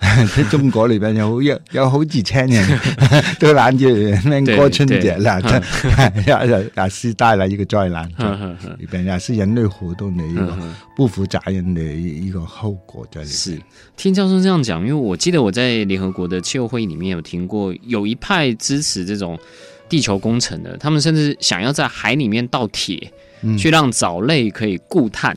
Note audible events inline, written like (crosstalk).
喺 (laughs) 中國裏邊有有有好幾千人， (laughs) 都攬住過春節嘅啦，又又又是帶來一個災難裡面，裏邊也是人類活動的一個 (laughs) 不負責任的一一個後果在裡面。就係是聽教授這樣講，因為我記得我在聯合國的氣候會議裏面有聽過，有一派支持這種地球工程的，他們甚至想要在海裏面倒鐵，嗯、去讓藻類可以固碳。